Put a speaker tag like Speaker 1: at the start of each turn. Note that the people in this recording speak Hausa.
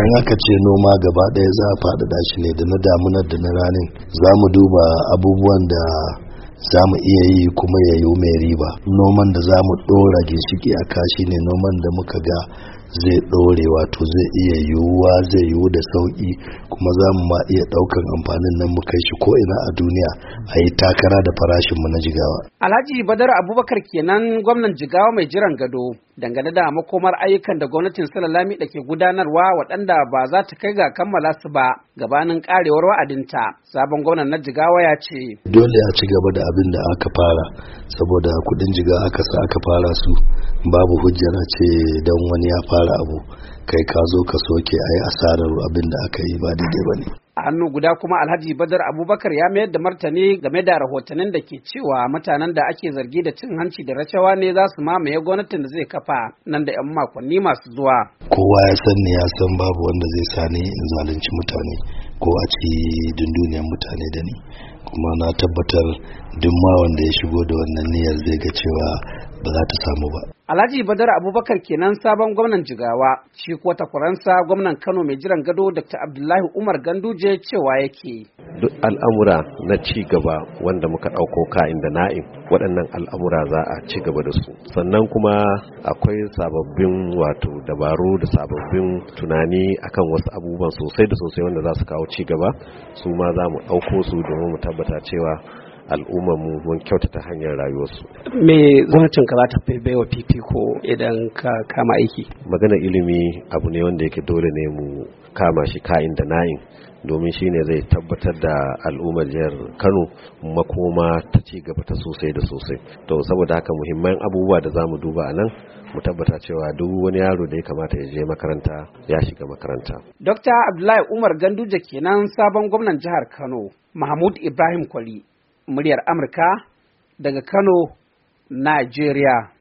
Speaker 1: in aka ce noma gaba ɗaya za a faɗaɗa shi ne da na damunar da na ranin za mu duba abubuwan da za mu iya yi kuma ya mai riba noman da za mu ɗora ginshiki a kashi ne noman da muka ga zai ɗore wato zai iya yiwuwa zai yiwu da sauƙi kuma za mu ma iya ɗaukan amfanin nan mu kai shi ko ina a duniya a yi takara da farashin mu na jigawa.
Speaker 2: Alhaji Badar Abubakar kenan gwamnan jigawa mai jiran gado dangane da makomar ayyukan da gwamnatin Salalami da ke gudanarwa waɗanda ba za ta kai ga kammala su ba gabanin karewar wa'adinta. Sabon gwamnan na jigawa ya ce.
Speaker 1: Dole a ci gaba da abin da aka fara saboda kuɗin Jigawa aka sa aka fara su babu hujjar a ce don wani ya fara abu kai ka zo ka soke a yi asarar abin da aka yi ba daidai ba ne
Speaker 2: a hannu guda kuma alhaji badar abubakar ya mayar da martani game da rahotannin da ke cewa mutanen da ake zargi da cin hanci da rashawa ne za su mamaye gwamnatin da zai kafa nan da 'yan makonni masu zuwa
Speaker 1: kowa ya san ne ya san babu wanda zai sa ni in zalunci mutane ko a ci dunduniyar mutane da ni kuma na tabbatar duk ma wanda ya shigo da wannan niyyar zai ga cewa ba za ta
Speaker 2: samu ba. Alhaji Badar Abubakar kenan sabon gwamnan Jigawa, shi kuwa takwaransa gwamnan Kano mai jiran gado Dr. Abdullahi Umar Ganduje cewa yake.
Speaker 3: Duk al'amura na ci gaba wanda muka ɗauko ka'in da na'in waɗannan al'amura za a ci gaba da su. Sannan kuma akwai sababbin wato dabaru da sababbin tunani akan wasu abubuwan sosai da sosai wanda za su kawo ci gaba su ma za mu ɗauko su domin mu tabbata cewa al'ummar mu mun kyautata hanyar rayuwarsu
Speaker 2: me gwamnatin ka za ta fi baiwa ko idan ka kama
Speaker 3: aiki magana ilimi abu ne wanda yake dole ne mu kama shi kayan da na'in domin shi ne zai tabbatar da al'ummar jihar kano makoma ta ci gaba ta sosai da sosai to saboda haka muhimman abubuwa da za mu duba a nan mu tabbata cewa duk wani yaro da ya kamata ya je makaranta ya shiga makaranta
Speaker 2: dr abdullahi umar ganduje kenan sabon gwamnan jihar kano mahmud ibrahim kwali muryar Amurka daga Kano, Najeriya.